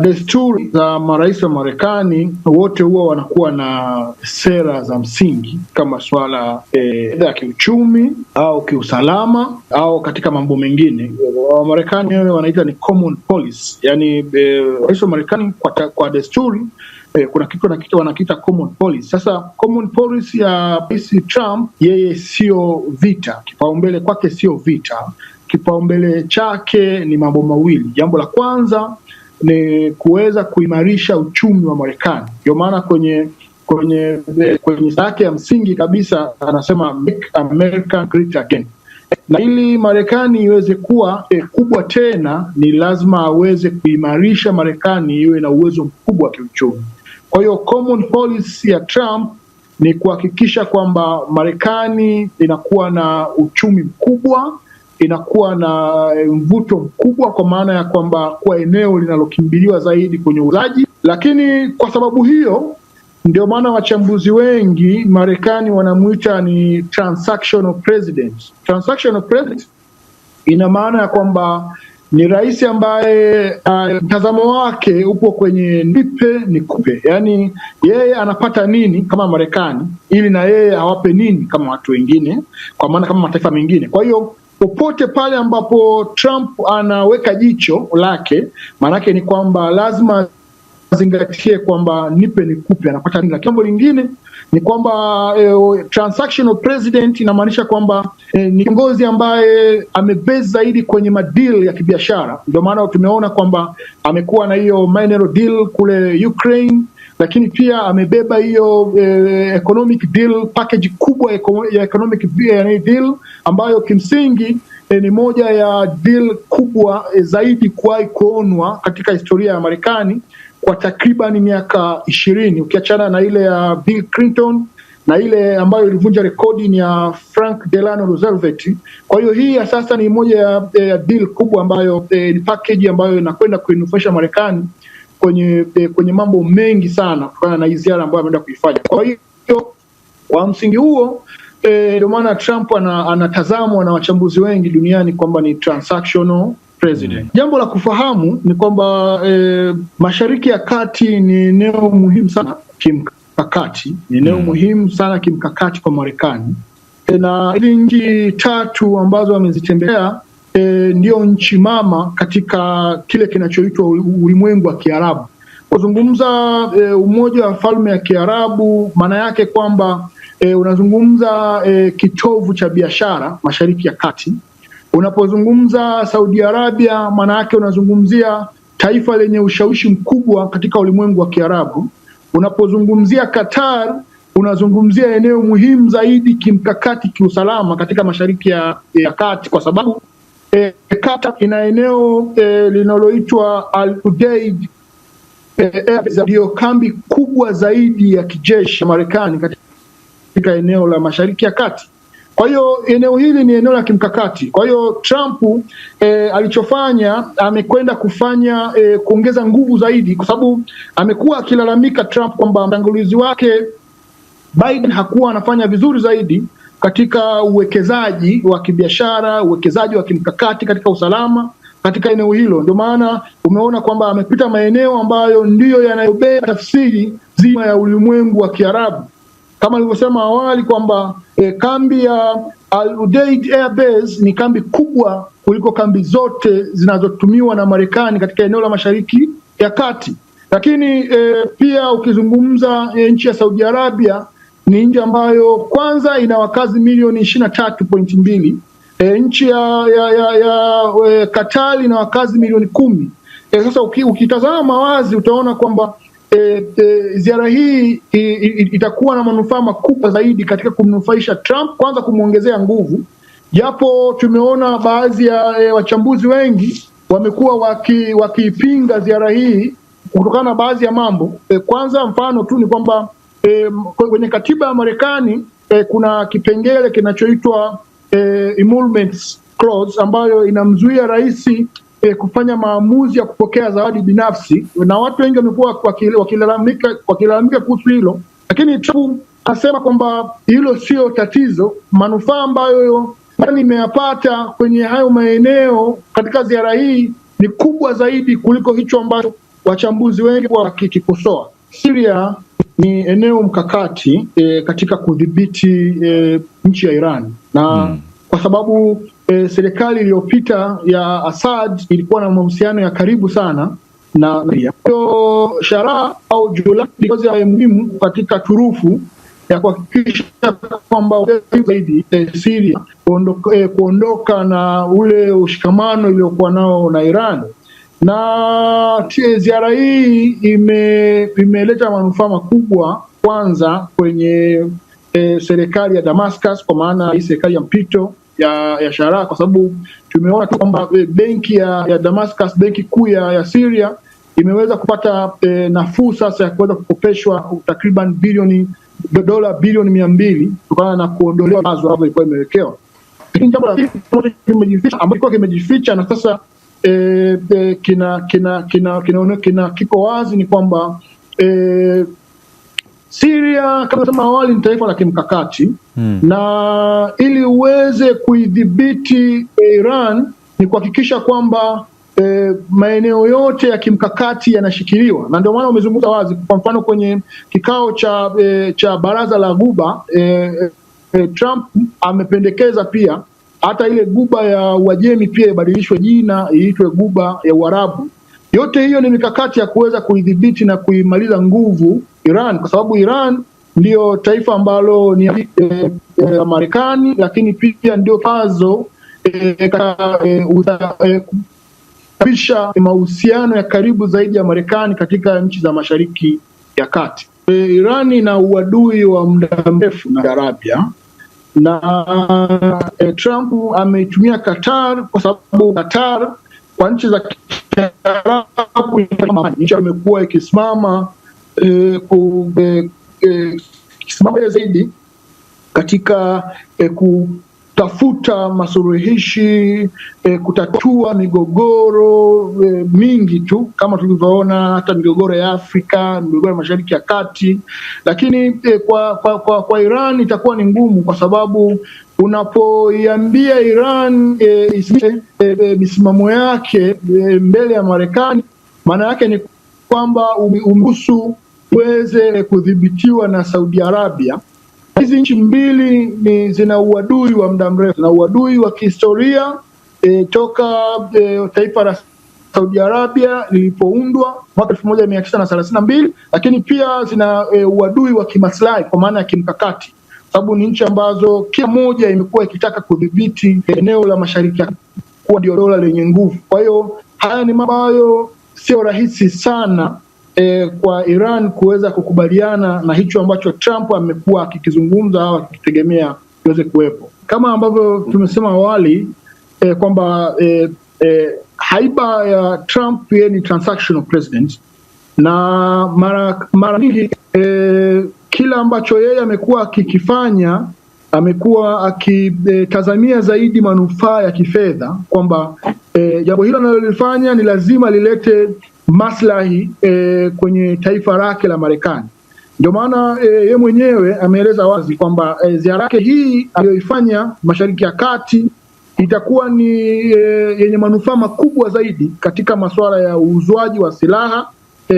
Desturi za marais wa Marekani wote huwa wanakuwa na sera za msingi kama swala eh, ya kiuchumi au kiusalama au katika mambo mengine. Wamarekani wewe wanaita ni common policy, yani eh, rais wa Marekani kwa, kwa desturi E, kuna kitu wanakiita, wanakiita common policy. Sasa common policy ya Rais Trump, yeye sio vita, kipaumbele kwake sio vita, kipaumbele chake ni mambo mawili. Jambo la kwanza ni kuweza kuimarisha uchumi wa Marekani. Ndio maana kwenye kwenye kwenye yake ya msingi kabisa anasema Make America Great Again, na ili Marekani iweze kuwa e, kubwa tena ni lazima aweze kuimarisha Marekani iwe na uwezo mkubwa wa kiuchumi. Kwa hiyo common policy ya Trump ni kuhakikisha kwamba Marekani inakuwa na uchumi mkubwa inakuwa na eh, mvuto mkubwa, kwa maana ya kwamba kuwa eneo linalokimbiliwa zaidi kwenye uuzaji. Lakini kwa sababu hiyo ndio maana wachambuzi wengi Marekani wanamwita ni transactional president. Transactional president ina maana ya kwamba ni rais ambaye uh, mtazamo wake upo kwenye nipe nikupe, yaani yeye anapata nini kama Marekani ili na yeye awape nini kama watu wengine, kwa maana kama mataifa mengine. Kwa hiyo popote pale ambapo Trump anaweka jicho lake, maanake ni kwamba lazima azingatie kwamba nipe nikupe, anapata nini. Lakini jambo lingine ni kwamba eh, transactional president inamaanisha kwamba eh, ni kiongozi ambaye amebase zaidi kwenye madeal ya kibiashara. Ndio maana tumeona kwamba amekuwa na hiyo minor deal kule Ukraine lakini pia amebeba hiyo eh, economic deal package kubwa ya economic eh, deal ambayo kimsingi eh, ni moja ya deal kubwa eh, zaidi kuwahi kuonwa katika historia ya Marekani kwa takriban miaka ishirini ukiachana na ile ya Bill Clinton na ile ambayo ilivunja rekodi ni ya Frank Delano Roosevelt. Kwa hiyo hii ya sasa ni moja ya, eh, ya deal kubwa ambayo eh, ni package ambayo inakwenda kuinufaisha Marekani kwenye e, kwenye mambo mengi sana kutokana na hii ziara ambayo ameenda kuifanya. Kwa hiyo kwa msingi huo eh, ndio e, maana Trump anatazamwa ana na wachambuzi wengi duniani kwamba ni transactional president. Mm. Jambo la kufahamu ni kwamba e, Mashariki ya Kati ni eneo muhimu sana kimkakati, ni eneo mm. muhimu sana kimkakati kwa Marekani, na hizi nchi tatu ambazo amezitembelea e, eh, ndiyo nchi mama katika kile kinachoitwa ulimwengu wa Kiarabu. Kuzungumza e, umoja wa falme ya Kiarabu maana yake kwamba e, unazungumza e, kitovu cha biashara Mashariki ya Kati. Unapozungumza Saudi Arabia, maana yake unazungumzia taifa lenye ushawishi mkubwa katika ulimwengu wa Kiarabu. Unapozungumzia Qatar, unazungumzia eneo muhimu zaidi kimkakati, kiusalama katika Mashariki ya, ya Kati, kwa sababu eh, kata ina eneo eh, linaloitwa Al Udeid e, ndiyo eh, kambi kubwa zaidi ya kijeshi ya Marekani katika eneo la Mashariki ya Kati. Kwa hiyo eneo hili ni eneo la kimkakati. Kwa hiyo Trump eh, alichofanya amekwenda kufanya eh, kuongeza nguvu zaidi, kwa sababu amekuwa akilalamika Trump kwamba mtangulizi wake Biden hakuwa anafanya vizuri zaidi katika uwekezaji wa kibiashara, uwekezaji wa kimkakati katika usalama katika eneo hilo. Ndio maana umeona kwamba amepita maeneo ambayo ndiyo yanayobeba tafsiri zima ya ulimwengu wa Kiarabu, kama alivyosema awali kwamba e, kambi ya Al Udeid Air Base ni kambi kubwa kuliko kambi zote zinazotumiwa na Marekani katika eneo la Mashariki ya Kati. Lakini e, pia ukizungumza e, nchi ya Saudi Arabia ni nchi ambayo kwanza ina wakazi milioni ishirini na tatu pointi mbili. E, nchi ya, ya, ya, ya e, Katari ina wakazi milioni kumi. E, sasa ukitazama wazi utaona kwamba e, e, ziara hii i, i, itakuwa na manufaa makubwa zaidi katika kumnufaisha Trump, kwanza kumwongezea nguvu, japo tumeona baadhi ya e, wachambuzi wengi wamekuwa wakiipinga waki ziara hii kutokana na baadhi ya mambo e, kwanza mfano tu ni kwamba e, kwenye katiba ya Marekani e, kuna kipengele kinachoitwa e, emoluments clause ambayo inamzuia rais e, kufanya maamuzi ya kupokea zawadi binafsi, na watu wengi wamekuwa wakilalamika wakilalamika kuhusu hilo, lakini Trump anasema kwamba hilo sio tatizo. Manufaa ambayo imeyapata kwenye hayo maeneo katika ziara hii ni kubwa zaidi kuliko hicho ambacho wachambuzi wengi wakikikosoa Syria ni eneo mkakati e, katika kudhibiti e, nchi ya Iran na hmm. kwa sababu e, serikali iliyopita ya Assad ilikuwa na mahusiano ya karibu sana na hiyo Shara au julai ya muhimu katika turufu ya kuhakikisha kwamba zaidi e, Syria kuondoka, e, kuondoka na ule ushikamano iliyokuwa nao na Iran na ziara hii ime, imeleta manufaa makubwa kwanza kwenye e, serikali ya Damascus kwa maana hii serikali ya mpito ya, ya Sharaa kwa sababu tumeona tu kwamba e, benki ya, ya Damascus benki kuu ya, ya Syria imeweza kupata e, nafuu sasa ya kuweza kukopeshwa takriban bilioni dola bilioni mia mbili kutokana na kuondolewa ambazo ilikuwa imewekewa. Lakini jambo la pili kimejificha na sasa e, e, kina, kina, kina, kina, kina kiko wazi ni kwamba e, Syria kama sema awali ni taifa la kimkakati hmm. na ili uweze kuidhibiti Iran ni kuhakikisha kwamba E, maeneo yote ya kimkakati yanashikiliwa na ndio maana umezungumza wazi. Kwa mfano kwenye kikao cha e, cha baraza la Ghuba e, e, Trump amependekeza pia hata ile guba ya Uajemi pia ibadilishwe jina iitwe guba ya Uarabu. Yote hiyo ni mikakati ya kuweza kuidhibiti na kuimaliza nguvu Iran, kwa sababu Iran ndiyo taifa ambalo ni eh, eh, la e, e, Marekani, lakini pia ndio pazo e, e, mahusiano ya karibu zaidi ya Marekani katika nchi za Mashariki ya Kati. E, Irani ina uadui wa muda mrefu na Arabia na e, Trump ametumia Qatar kwa sababu Qatar kwa nchi za Kiarabu imekuwa ikisimama e, e, zaidi katika e, ku tafuta masuluhishi e, kutatua migogoro e, mingi tu kama tulivyoona hata migogoro ya Afrika, migogoro ya Mashariki ya Kati. Lakini e, kwa, kwa, kwa, kwa Iran itakuwa ni ngumu kwa sababu unapoiambia Iran e, e, e, misimamo yake e, mbele ya Marekani, maana yake ni kwamba umhusu uweze kudhibitiwa na Saudi Arabia hizi nchi mbili ni zina uadui wa muda mrefu na uadui wa kihistoria e, toka e, taifa la Saudi Arabia lilipoundwa mwaka elfu moja mia tisa na thelathini na mbili, lakini pia zina e, uadui wa kimaslahi kwa maana ya kimkakati, sababu ni nchi ambazo kila moja imekuwa ikitaka kudhibiti eneo la Mashariki kuwa ndio dola lenye nguvu. Kwa hiyo haya ni mambo ambayo sio rahisi sana e, kwa Iran kuweza kukubaliana na hicho ambacho Trump amekuwa akikizungumza au akikitegemea kiweze kuwepo, kama ambavyo tumesema awali e, kwamba e, e, haiba ya Trump yeye ni transactional president na mara mara nyingi e, kila ambacho yeye amekuwa akikifanya amekuwa akitazamia e, zaidi manufaa ya kifedha kwamba e, jambo e, hilo analolifanya ni lazima lilete maslahi e, kwenye taifa lake la Marekani. Ndio maana eh, yeye mwenyewe ameeleza wazi kwamba e, ziara yake hii aliyoifanya Mashariki ya Kati itakuwa ni e, yenye manufaa makubwa zaidi katika masuala ya uuzwaji wa silaha e,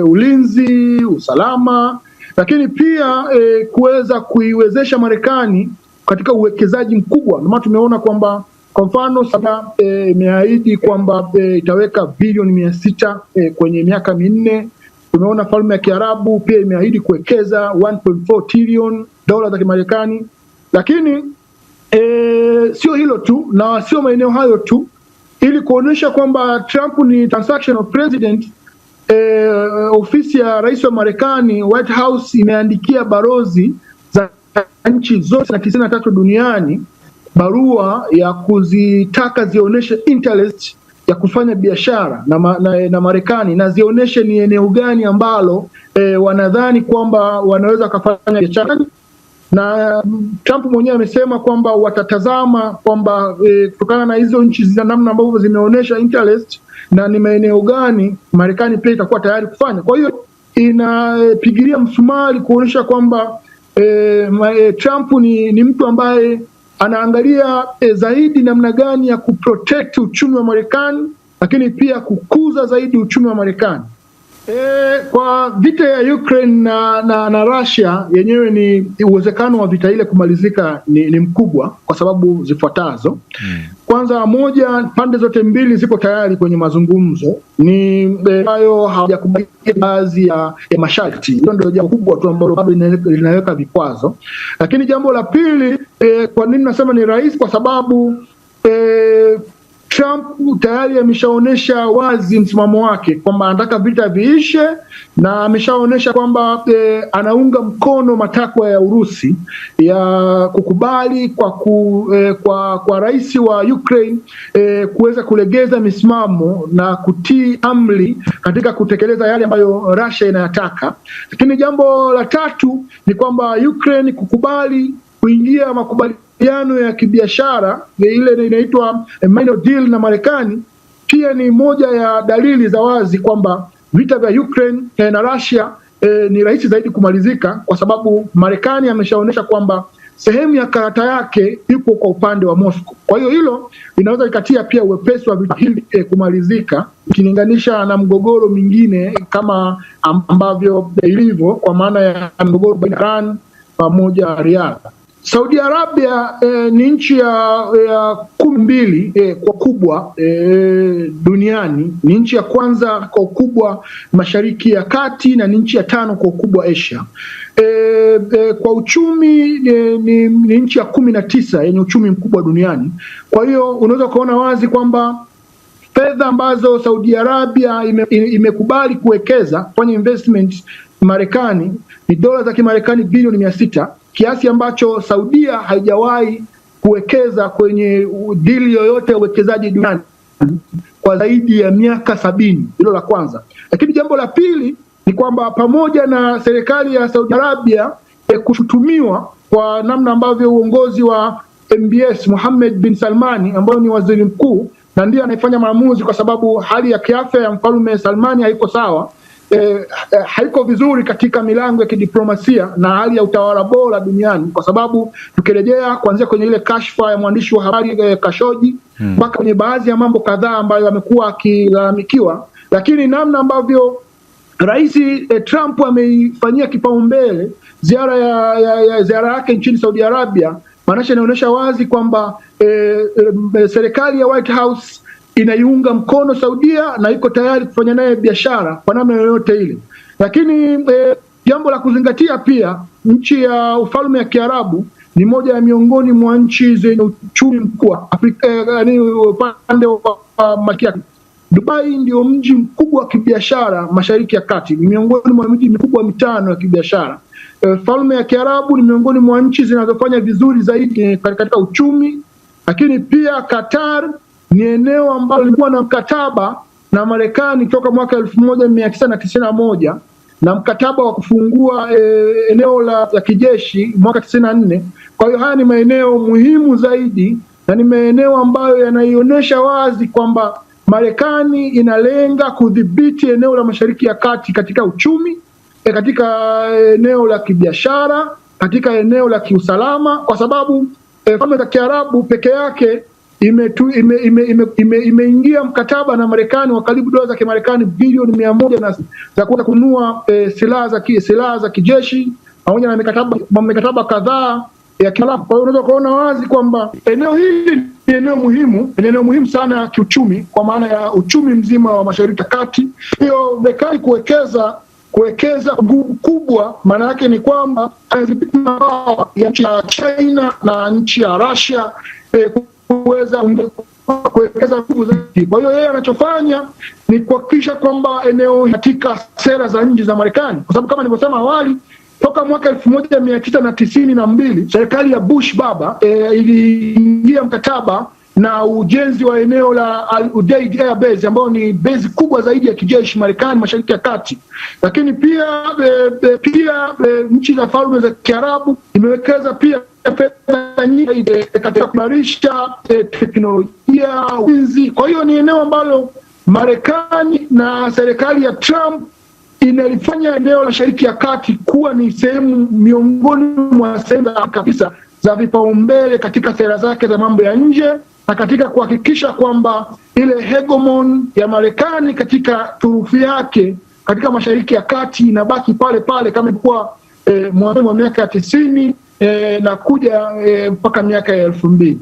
ulinzi, usalama, lakini pia e, kuweza kuiwezesha Marekani katika uwekezaji mkubwa. Ndio maana tumeona kwamba kwa mfano Samia eh, imeahidi e, kwamba e, itaweka bilioni mia sita e, kwenye miaka minne. Tumeona falme ya Kiarabu pia imeahidi kuwekeza 1.4 trillion dola za Kimarekani, lakini e, sio hilo tu na sio maeneo hayo tu, ili kuonyesha kwamba Trump ni transactional president. E, ofisi ya rais wa Marekani White House imeandikia barozi za nchi zote na tisini na tatu duniani barua ya kuzitaka zionyeshe interest ya kufanya biashara na, ma, na, na Marekani na zionyeshe ni eneo gani ambalo e, wanadhani kwamba wanaweza wakafanya biashara na mm, Trump mwenyewe amesema kwamba watatazama kwamba eh, kutokana e, na hizo nchi zina namna ambavyo zimeonyesha interest na ni maeneo gani Marekani pia itakuwa tayari kufanya. Kwa hiyo inapigilia msumari kuonyesha kwamba e, Trump ni, ni mtu ambaye anaangalia e, zaidi namna gani ya kuprotect uchumi wa Marekani, lakini pia kukuza zaidi uchumi wa Marekani. E, kwa vita ya Ukraine na, na, na Russia yenyewe ni uwezekano wa vita ile kumalizika ni, ni mkubwa kwa sababu zifuatazo. Hmm. Kwanza, moja, pande zote mbili ziko tayari kwenye mazungumzo, ni e, ambayo hawajakubali baadhi ya, ya masharti. Hilo ndio jambo kubwa tu ambalo bado linaweka vikwazo. Lakini jambo la pili, e, kwa nini nasema ni rahisi? Kwa sababu e, Trump tayari ameshaonyesha wazi msimamo wake kwamba anataka vita viishe, na ameshaonyesha kwamba e, anaunga mkono matakwa ya Urusi ya kukubali kwa, ku, e, kwa, kwa rais wa Ukraine e, kuweza kulegeza misimamo na kutii amri katika kutekeleza yale ambayo Russia inayataka. Lakini jambo la tatu ni kwamba Ukraine kukubali kuingia makubaliano mahusiano ya kibiashara ile inaitwa eh, minor deal na Marekani, pia ni moja ya dalili za wazi kwamba vita vya Ukraine na Russia eh, ni rahisi zaidi kumalizika kwa sababu Marekani ameshaonyesha kwamba sehemu ya karata yake ipo kwa upande wa Moscow. Kwa hiyo hilo linaweza likatia pia uwepesi wa vita hivi eh, kumalizika ukilinganisha na mgogoro mingine kama ambavyo ilivyo, kwa maana ya mgogoro baina Iran pamoja Riyadh. Saudi Arabia eh, ni nchi ya, ya kumi mbili eh, kwa kubwa eh, duniani. Ni nchi ya kwanza kwa ukubwa Mashariki ya Kati na ni nchi ya tano kwa ukubwa Asia. Eh, eh, kwa uchumi ni, eh, ni, ni nchi ya kumi na tisa yenye uchumi mkubwa duniani. Kwa hiyo unaweza ukaona wazi kwamba fedha ambazo Saudi Arabia ime, imekubali kuwekeza kwenye investment Marekani ni dola za Kimarekani bilioni mia sita kiasi ambacho Saudia haijawahi kuwekeza kwenye dili yoyote ya uwekezaji duniani kwa zaidi ya miaka sabini. Hilo la kwanza, lakini jambo la pili ni kwamba pamoja na serikali ya Saudi Arabia e, kushutumiwa kwa namna ambavyo uongozi wa MBS Mohammed bin Salmani ambayo ni waziri mkuu na ndiye anayefanya maamuzi, kwa sababu hali ya kiafya ya mfalme Salmani haiko sawa eh, eh, haiko vizuri katika milango ya kidiplomasia na hali ya utawala bora duniani, kwa sababu tukirejea kuanzia kwenye ile kashfa ya mwandishi wa habari eh, Kashoji hmm. mpaka hmm, kwenye baadhi ya mambo kadhaa ambayo amekuwa akilalamikiwa, lakini namna ambavyo Rais eh, Trump ameifanyia kipaumbele ziara ya, ya, ya ziara yake nchini Saudi Arabia, maanake inaonyesha wazi kwamba eh, eh, serikali ya White House inaiunga mkono Saudia na iko tayari kufanya naye biashara kwa namna yoyote ile. Lakini e, jambo la kuzingatia pia, nchi ya ufalme ya Kiarabu ni moja ya miongoni mwa nchi zenye uchumi mkubwa e, upande wa makia. Dubai ndio mji mkubwa wa kibiashara Mashariki ya Kati, ni miongoni mwa miji mikubwa mitano ya kibiashara. E, falme ya Kiarabu ni miongoni mwa nchi zinazofanya vizuri zaidi e, katika uchumi, lakini pia Qatar ni eneo ambalo lilikuwa na mkataba na Marekani toka mwaka elfu moja mia tisa na tisini na moja na mkataba wa kufungua e, eneo la, la kijeshi mwaka tisini na nne. Kwa hiyo haya ni maeneo muhimu zaidi na ni maeneo ambayo yanaionyesha wazi kwamba Marekani inalenga kudhibiti eneo la Mashariki ya Kati katika uchumi e, katika eh, eneo la kibiashara, katika eneo la kiusalama, kwa sababu e, falme za Kiarabu peke yake imeingia ime, ime, ime, ime mkataba na Marekani wa karibu dola za Kimarekani bilioni mia moja na za kuweza kununua e, silaha za silaha za kijeshi pamoja na mikataba mikataba kadhaa ya kimataifa. Kwa hiyo unaweza kuona wazi kwamba eneo hili ni eneo muhimu, ni eneo muhimu sana ya kiuchumi, kwa maana ya uchumi mzima wa Mashariki ya Kati. Hiyo Marekani kuwekeza kuwekeza nguvu kubwa, maana yake ni kwamba ya nchi ya China na nchi ya Russia e, kuweza kuwekeza nguvu zaidi. Kwa hiyo yeye anachofanya ni kuhakikisha kwamba eneo katika sera za nje za Marekani, kwa sababu kama nilivyosema awali toka mwaka elfu moja mia tisa na tisini na mbili serikali ya Bush baba e, iliingia mkataba na ujenzi wa eneo la Al Udeid Air Base ambayo ni bezi kubwa zaidi ya kijeshi Marekani mashariki ya kati, lakini pia e, e pia e, nchi za falme za Kiarabu imewekeza pia fedha nyingi eh, katika kuimarisha eh, teknolojia, ulinzi. Kwa hiyo ni eneo ambalo Marekani na serikali ya Trump inalifanya eneo la Mashariki ya Kati kuwa ni sehemu miongoni mwa sehemu kabisa za vipaumbele katika sera zake za mambo ya nje na katika kuhakikisha kwamba ile hegemon ya Marekani katika turufu yake katika Mashariki ya Kati inabaki pale pale kama ilikuwa eh, mwanzoni mwa miaka ya tisini e, na kuja eh, mpaka e, miaka ya elfu mbili